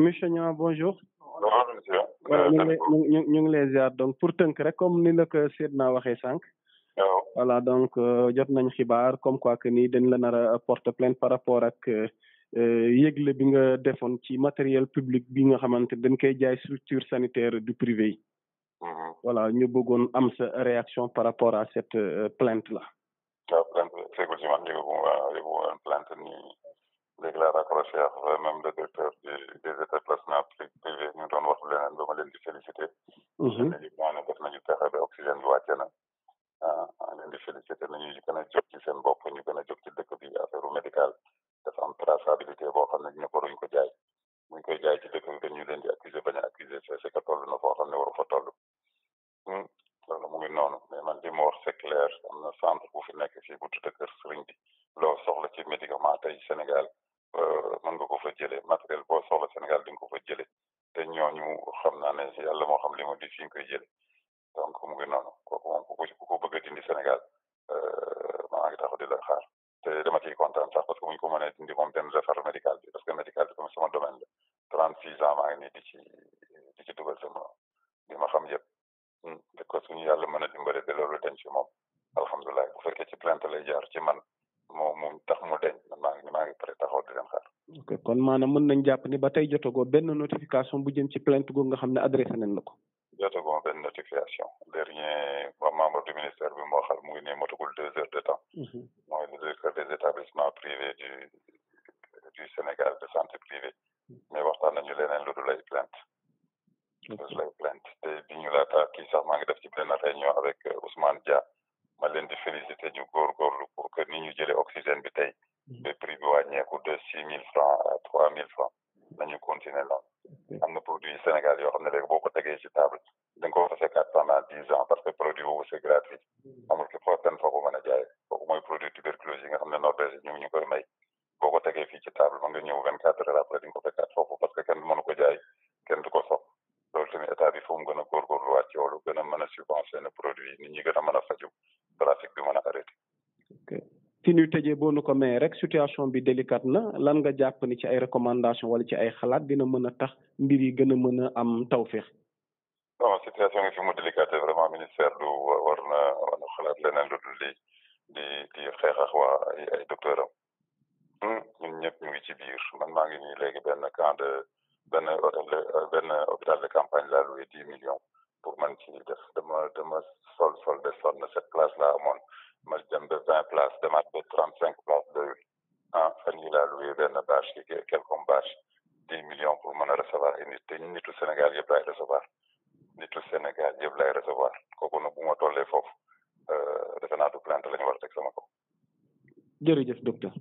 monsieur Niang bonjour. bonjour monsieur. Euh, euh, ñu ngi ngi lay donc pour tënk rek comme ni la ko Seydina waxee sànq. waaw donc euh, jot nañ xibaar comme quoi que ni dañ la nar porte plainte par rapport ak yëgle bi nga defoon ci matériel public bi nga xamante dañ koy jaay structure sanitaire du privé yi. Mm-hmm. ñu bëggoon am sa réaction par rapport à cette plainte la félicité. dañuy ñaan def nañu pexe ba oxygène bi wàcce na. ah leen di félicité nañu ñu a jóg ci seen bopp ñu a jóg ci dëkk bi affaire médicale dafa am traçabilité boo xam ne ñu ko ruñ ko jaay buñ koy jaay ci dëkk accuser bañ a accuser c'est que xam ne waru fa toll. loolu mu ngi noonu mais man li ma am na centre bu fi nekk fii bu tudd Kër loo soxla médicament tey Sénégal mën nga ko fa matériel boo soxla Sénégal. naa ne si yàlla moo xam li mu di fi koy jël donc mu ngi noonu kooku moom ku ko ku ko bëgg a dindi Sénégal euh, maa ngi taxaw di la xaar te dama ciy kontaan sax parce que bu ñu ko mënee dindi moom médical bi parce que médical bi comme sama domaine la trente six ans maa ngi di dugal sama li ma xam yëpp de hmm, ko suñu yàlla mën a dimbale ba loolu dañ ci moom alhamdulilah bu fekkee ci plainte lay jaar ci man moo moom tax mo deñ man maa ngi maa ngi pare taxaw xaar. ok kon maanaam mën nañ jàpp ni ba tey jotagoo benn notification bu jëm ci plainte googu nga xam ne adressé nañ la ko. jotagoo benn notification dernier membre du ministère bi moo xam mu ngi ne motagul deux heures de temps. Mhm. mooy le directeur des établissements privés du du Sénégal de santé privée. Mhm. mais waxtaan nañu leneen lu dul ay plainte. lu dul ay plainte te bi ñu sax maa ngi def ci benn réunion avec Ousmane Dia ma leen di félicité ñu oxygène mm. bi tey ba bi wàññeeku de six mille franc trois mille franc nañu continuer noonu na produit yu Sénégal yoo xam ne léegi boo ko tegee ci table da nga ko fa fekkaat pendant dix ans parce que produit gratuit amul ki foo fenn foo ko mën a jaay kooku mooy produit tuberculose yi nga xam ne Norvège ñu ngi ñu koy may boo ko tegee fi ci table mën nga ñëw vingt quatre heures après di nga ko fekkaat foofu parce que kenn mënu ko jaay kenn du ko sox loolu tamit état bi foofu mu gën a góorgóorluwaat ci loolu gën a mën produit yi nit a a faju trafic bi mën a arrêté fi ñu tëjee boo nu ko mayee rek situation bi délicate na lan nga jàpp ni ci ay recommandation wala ci ay xalaat dina mën a tax mbir yi gën a mën a am tawféex. o situation fi mu délicate vraiment ministère du war na war xalaat leneen lu dul di di di xeex ak ay docteur am hmm, ñun ñëpp ñu ngi ci biir man maa ngi nii léegi hôpital de campagne laa loué dix millions. pour man ci def dama dama sol sol de sol na sept place laa amoon ma dem ba vingt place demaat ba trente cinq place de ah fan yi laa loué benn bâche ki quelconque bâche dix millions pour mën a recevoir ay ni te nitu Sénégal yëpp laay recevoir nitu Sénégal yëpp laay recevoir kooku nag bu ma tollee foofu euh, defe naa du plainte la ñu war a teg sama kaw jërëjëf docteur